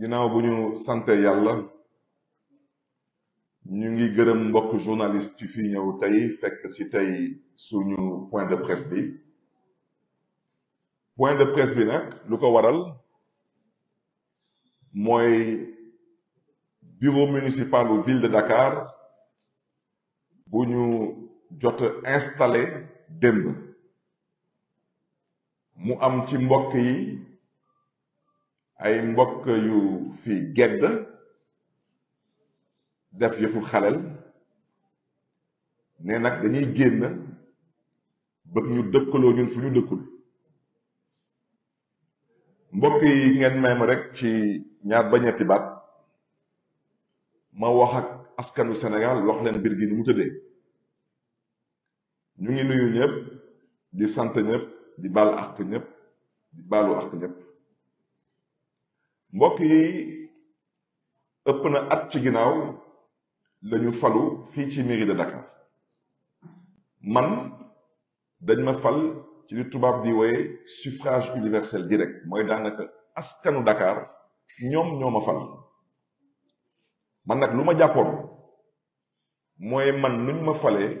ginnaaw bu ñu sante yàlla ñu ngi gërëm mbokk journaliste yi fi ñëw tey fekk ci tey suñu point de presse bi point nag lu ko waral mooy bureau municipal bu ville de Dakar bu ñu jot installé démb mu am ci mbokk yi ay mbokk yu fi gedd def yëfu xalal ne nag dañuy génn bëgg ñu dëkkaloo ñun fu ñu dëkkul mbokk yi ngeen may ma rek ci ñaar ba ñetti baat ma wax ak askanu senegal wax leen mbir gi ni mu tëddee ñu ngi nuyu ñëpp di sant ñëpp di baalu àq ñëpp di baalu àq ñëpp mbokk yi ëpp na at ci ginnaaw lañu falu fii ci mairie de Dakar man dañ ma fal ci li tubaab di wooye suffrage universel direct mooy daanaka askanu Dakar ñoom ñoo ma fal man nag lu ma jàppoon mooy man nuñ ma falee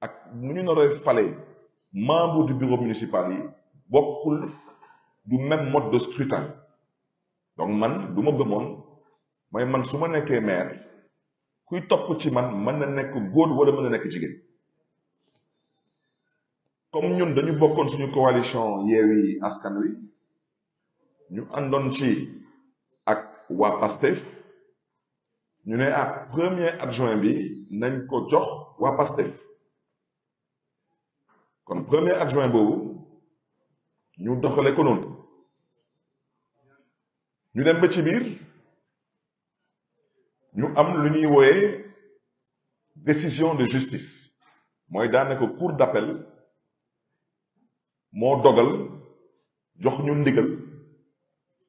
ak nu ñu naree falee membre du bureau municipal yi bokkul du même mode scrutin donc man du ma gëmoon mooy man su ma nekkee maire kuy topp ci man mën na nekk góor wala mën na nekk jigéen comme ñun dañu bokkoon suñu coalition Yewwi Askan Wi ñu àndoon ci ak waa PASTEF ñu ne ak ah, premier adjoint bi nañ ko jox waa PASTEF kon premier adjoint boobu ñu doxale ko ñu dem ba ci biir ñu am lu ñuy wooyee décision de justice mooy daanaka cour d'appel moo dogal jox ñu ndigal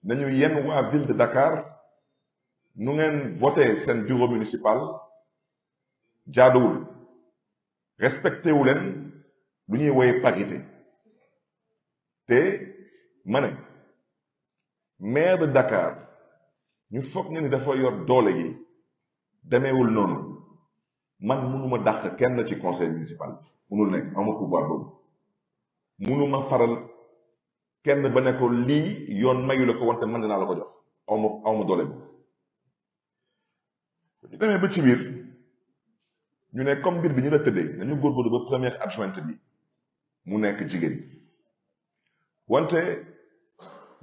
nañu yenn waa ville de Dakar nu ngeen voté seen bureau municipal jaaduwul respecté wu leen lu ñuy wooyee parité te ma maire de Dakar ñu foog ne ni dafa yor doole gi demewul noonu man mënuma dàq kenn ci conseil municipal mënul nekk ama pouvoir boobu mënuma faral kenn ba ne ko lii yoon mayu la ko wante man dinaa la ko jox awma awma doole bi ñu demee ba ci biir ñu ne comme mbir bi ñu la tëddee nañu góorgóorlu ba première adjointe bi mu nekk jigéen wante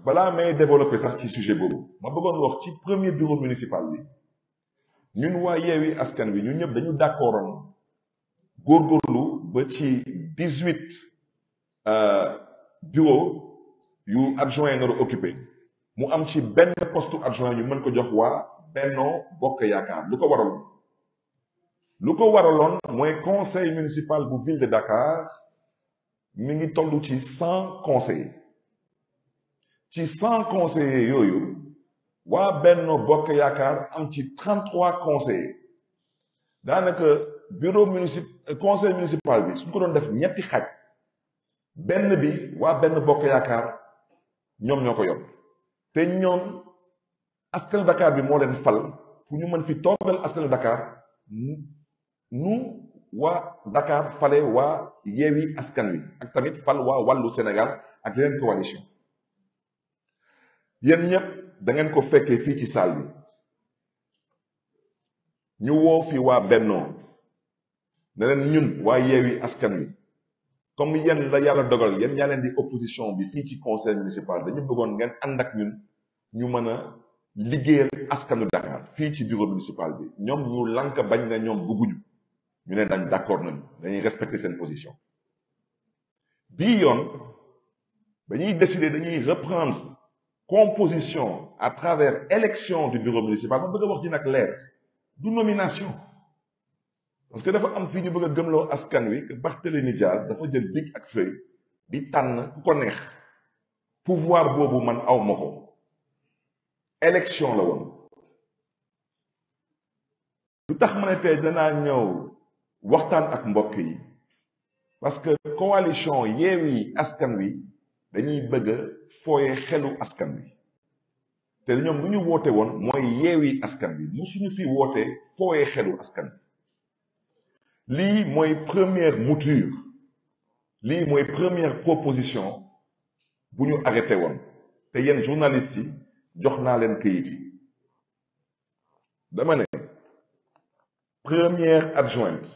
balaa may développé sax ci sujet boobu ma bëggoon wax ci premier bureau municipal bi ñun waa Yewwi Askan Wi ñun ñëpp dañu d'accordoon góorgóorlu ba ci dix-huit euh, bureau yu adjoint nar a occupé mu am ci benn postu adjoint ñu mën ko jox waa Benno Bokk Yaakaar lu ko waraloon lu ko waraloon mooy conseil municipal bu ville de Dakar mi ngi toll ci cent conseillers ci cent conseillers yooyu waa Benno Bokk Yaakaar am ci trente trois conseillers daanaka bureau municipal conseil municipal bi suñ ko doon def ñetti xaj benn bi waa Benno Bokk Yaakaar ñoom ñoo ko yor te ñoom askanu Dakar bi moo leen fal pour ñu mën fi toogal askanu Dakar nu waa Dakar fale waa Yewwi Askan Wi ak tamit fal waa wàllu Sénégal ak yeneen coalition yéen ñépp da ngeen ko fekkee fii ci saal bi ñu woo fi waa bennoo ne leen ñun waa yeewi askan wi comme yéen la yàlla dogal yéen yaa leen di opposition bi fii ci conseil municipal dañu bëggoon ngeen ànd ak ñun ñu mën a liggéeyal askanu Dakar fii ci bureau municipal bi ñoom ñu lank bañ na ñoom bëgguñu ñu ne dañ d'accord nañu dañuy respecter seen position bii yoon dañuy décider dañuy reprendre composition à travers élection du bureau municipal ma bëgg wax ji nag leer du nomination parce que dafa am fii ñu bëgg a gëmloo askan wi que Barthélémy Diaz dafa jël bic ak feuille di tànn ku ko pouvoir boobu man aw ma ko élection la woon lu tax ma ne ñëw waxtaan ak mbokk yi parce que coalition Yewwi Askan Wi dañuy bëgg a fooye xelu askan bi te ñoom lu woote woon mooy yeewi askan bi musuñu fi woote fooye xelu askan bi lii mooy première mouture lii mooy première proposition bu ñu arrêté woon te yéen journalistes yi jox naa leen këyit yi dama ne première adjointe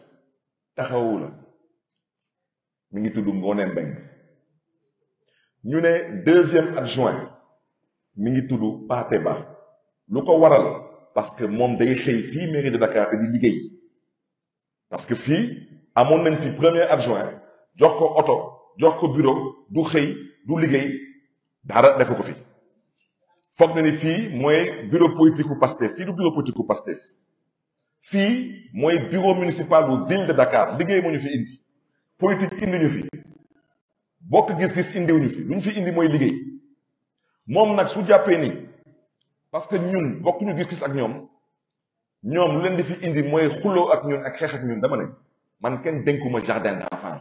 taxawu la mi ngi tudd Ngoné Mbengue ñu ne deuxième adjoint mi ngi tudd Pathé Ba lu ko waral parce que moom day xëy fii mairie de Dakar te di liggéey parce que fii amoon nañ fi premier adjoint jox ko oto jox ko bureau du xëy du liggéey dara def ko fi foog na ni fii mooy bureau politique u Pastef fii du bureau politique u fii mooy bureau municipal bu ville de Dakar liggéey moo ñu fi indi politique indi ñu fi bokk gis-gis indiwuñu fi lu ñu fi indi mooy liggéey moom nag su jàppee ni parce que ñun bokkuñu gis-gis ak ñoom ñoom lu leen di fi indi mooy xuloo ak ñun ak xeex ak ñun dama ne man kenn dénkuma jardin d'enfant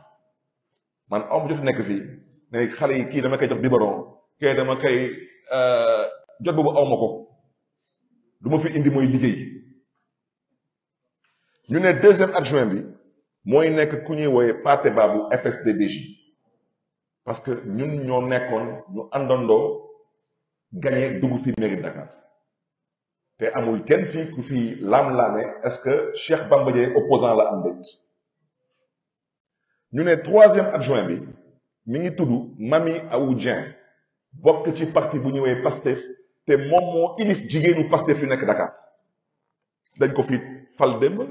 man aw ma jot nekk fii ne xale yi kii dama koy jox biberon kee dama koy euh, jot boobu aw ko lu ma fi indi mooy liggéey ñu ne deuxième adjoint bi mooy nekk ku ñuy wooye Pathé Babou FSDBJ parce que ñun ñoo nekkoon ñu àndandoo gagné dugg fi mairie Dakar te amul kenn fii ku fi laam-laame est-ce que Cheikh Bamba Dièye opposant la am dét ñu ne troisième adjoint bi mi ngi tudd Mami Awu Dieng bokk ci parti bu ñëwee Pastef te moom moo ilif jigéenu Pastef yu nekk Dakar dañ ko fii fal démb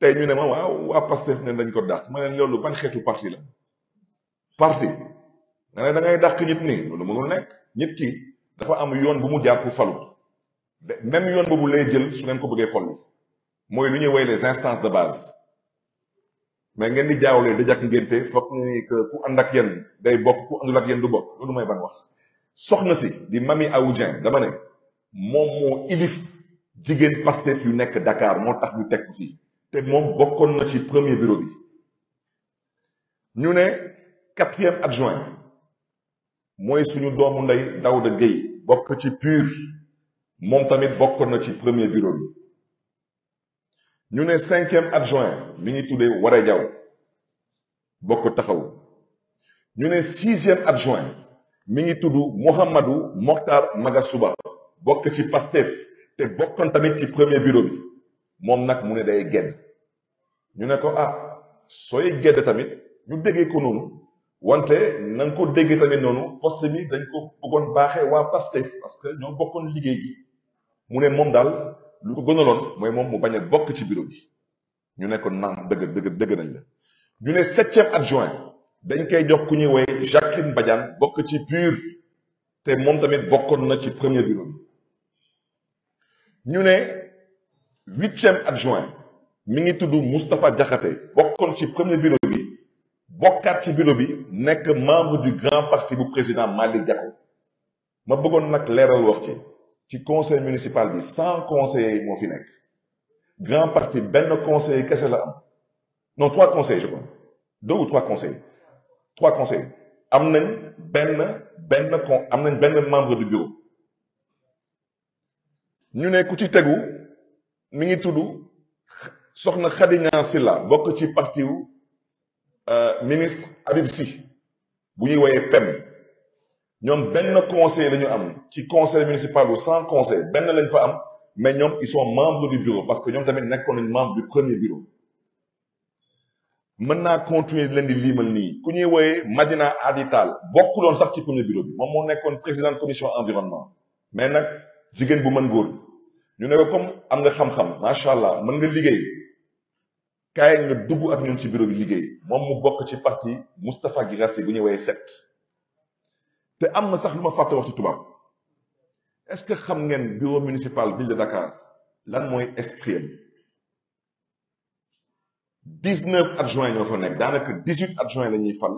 te ñu ne ma waaw waa Pastef ne dañ ko daat ma ne loolu ban xeetu parti la parti nga ne da ngay dàq nit nii loolu mënul nekk nit ki dafa am yoon bu mu jaar pour falu même yoon boobu lay jël su ngeen ko bëggee falu mooy lu ñuy woy les instances de base mais ngeen di jaawlee dajak ngénte foog ni que ku ànd ak yéen day bokk ku àndul ak yéen du bokk loolu may ban wax soxna si di Mamy Awa Dieng dama ne moom moo ilif jigéen Pastef yu nekk dakaar moo tax ñu teg fii te moom bokkoon na ci premier bureau bi ñu ne quatrième adjoint mooy suñu doomu daw da Gueye bokk ci PUR moom tamit bokkon na ci premier bureau bi ñu ne cinquième adjoint mi ngi tuddee Waré Diaw bokk taxaw ñu ne sixième adjoint mi ngi tudd Mouhamadou Mokhtar Magasuba bokk ci Pastef te bokkoon tamit ci premier bureau bi moom nag mu ne day gedd ñu ne ko ah sooy gedd tamit ñu déggee ko noonu wante nan nga ko dégg tamit noonu poste bi dañ ko bëggoon baaxee waa Pastef parce que ñoo bokkoon liggéey bi mu ne moom daal lu ko gënaloon mooy moom mu bañ bokk ci bureau bi ñu ne ko naam dëgg dëgg nañ la ñu ne septième adjoint dañ koy jox ku ñuy woowee Jacqueline Badiane bokk ci PUR te moom tamit bokkoon na ci premier bureau bi ñu ne huitième adjoint mi ngi tudd Moustapha Diakhaté bokkoon ci premier bureau bi. bokkaat ci bureau bi nekk membre du grand parti bu président Malick Gakou ma bëggoon nag leeral wax ci ci conseil municipal bi cent conseillers moo fi nekk grand parti benn conseiller kese la am non trois conseillers je crois deux trois conseillers trois conseillers am nañ benn benn con am nañ benn membre du bureau ñu ne ku ci tegu mi ngi tudd soxna Khady Niang Sylla bokk ci parti Euh, ministre Habib Sy bu ñuy woyee PEM ñoom benn conseil la ñu am ci conseil municipal bu sans conseil benn lañ fa am mais ñoom ils sont membres du bureau parce que ñoom tamit nekkoon nañ membre du premier bureau mën naa continuer leen di liimal nii ku ñuy woyee Madina Adi Tall bokkuloon sax ci premier bureau bi moom moo nekkoon président commission environnement mais nag jigéen bu mën góor ñu ne comme am nga xam-xam macha allah mën nga liggéey. kaay nga dugg ak ñun ci bureau bi liggéey moom mu bokk ci parti Moustapha Guirassy bu ñuy woowee sept te am na sax lu ma fàtte wax ci tubaab est-ce que xam ngeen bureau municipal ville de Dakar lan mooy esprit am dix-neuf adjoints ñoo fa nekk daanaka dix-huit adjoints la ñuy fal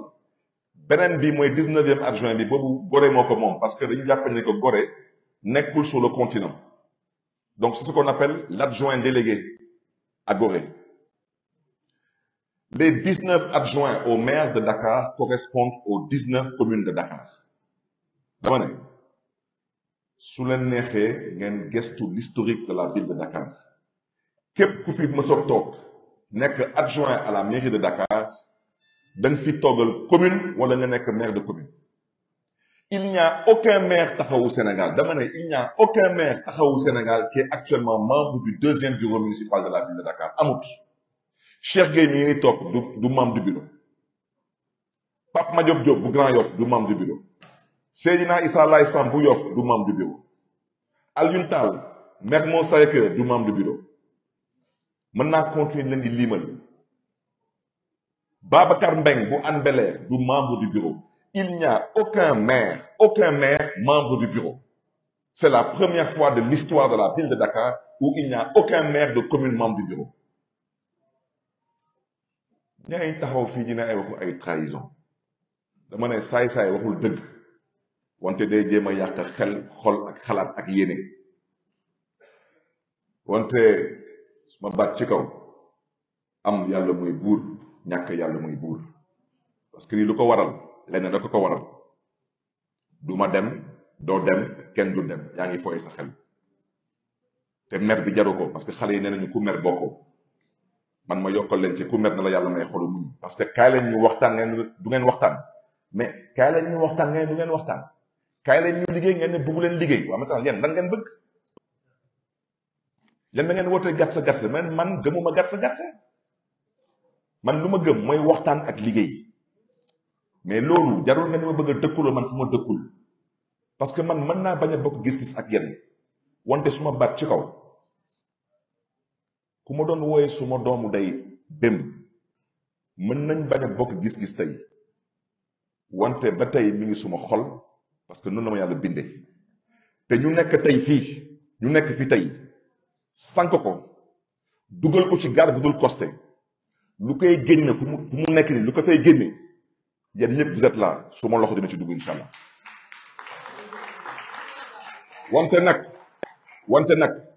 beneen bi mooy dix-neuvième adjoint bi boobu Gorée moo ko moom parce que dañu jàpp ne ko Gorée nekkul sur le continent donc c'est ce qu'on appelle l'adjoint délégué à Gorée Les 19 adjoints au maire de Dakar correspondent aux 19 communes de Dakar dama su leen neexee ngeen gestu l'historique de la ville de Dakar képp ku fi nekk adjoint à la mairie de Dakar da fi toogal commune wala nga nekk maire de commune il n'y a aucun maire taxawu Sénégal dama ne il n'y a aucun maire taxawu Sénégal qui actuellement membre du deuxième bureau municipal de la ville de Dakar amut Cheikh Gueye mii ni toog du membre du bureau Pape Madiop Diop bu Grand Yoff du membre du bureau Seydina Issa Laye Samb bu Yoff du membre du bureau Alioune Tall Mermoz Sacré-Cœur du membre du bureau mën naa continuer leen di liimal Babacar Mbeng bu Hann bel du membre du bureau il n'y a aucun maire aucun maire membre du bureau c'est la première fois de l'histoire de la ville de Dakar où il n'y a aucun maire de commune membre du bureau ñaay taxaw fii dina ay waxu ay trahison dama ne saay-saay waxul dëgg wante day jéem a yàq xel xol ak xalaat ak yéene wante su ma baat ci kaw am yàlla mooy buur ñàkk yàlla mooy buur parce que lii lu ko waral leneen rek ko waral du ma dem doo dem kenn du dem yaa ngi fooye sa xel te mer bi jaru ko parce que xale yi nee nañu ku mer bokkoo man ma yokkal leen ci ku mer na la yàlla may xolu muñ parce que kaay leen ñu waxtaan ngeen du ngeen waxtaan mais kaay leen ñu waxtaan ngeen du ngeen waxtaan kaay leen ñu liggéey ngeen ne bëggu leen liggéey waaw maintenant yéen lan ngeen bëgg yéen da ngeen wootee gàtt sa gàtt sa man man gëmuma gàtt sa gàtt man lu ma gëm mooy waxtaan ak liggéey mais loolu jarul nga ma bëgg a dëkkuloo man fu ma dëkkul parce que man mën naa bañ a bokk gis-gis ak yéen wante suma ma baat ci kaw. ku ma doon wooye suma doomu day bém mën nañ bañ a bokk gis-gis tey wante ba tey mu ngi suma xol parce que noonu la ma yàlla bindee te ñu nekk tey fii ñu nekk fi tey sànq ko dugal ko ci gaal bu dul costé lu koy génne fu mu fu mu nekk nii lu ko fay génne yéen ñëpp vous êtes suma loxo dina ci dugg incha allah wante nag wante nag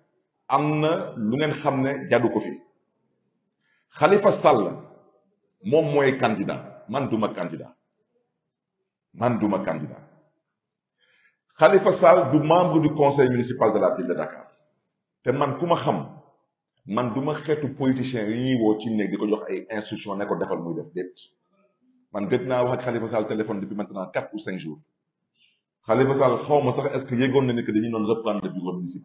am na lu ngeen xam ne jadu ko fi Khalifa Sall moom mooy candidat man duma candidat man duma candidat Khalifa Sall du membre du conseil municipal de la ville de Dakar te man ku ma xam man duma xeetu politicien yi ñuy woo ci néeg di ko jox ay instruction ne ko defal muy def déet man gëj naa wax ak Khalifa Sall téléphone depuis maintenant quatre ou cinq jours Khalifa Sall xaw ma sax est-ce que yëgoon na ne que dañuy doon reprendre le municipal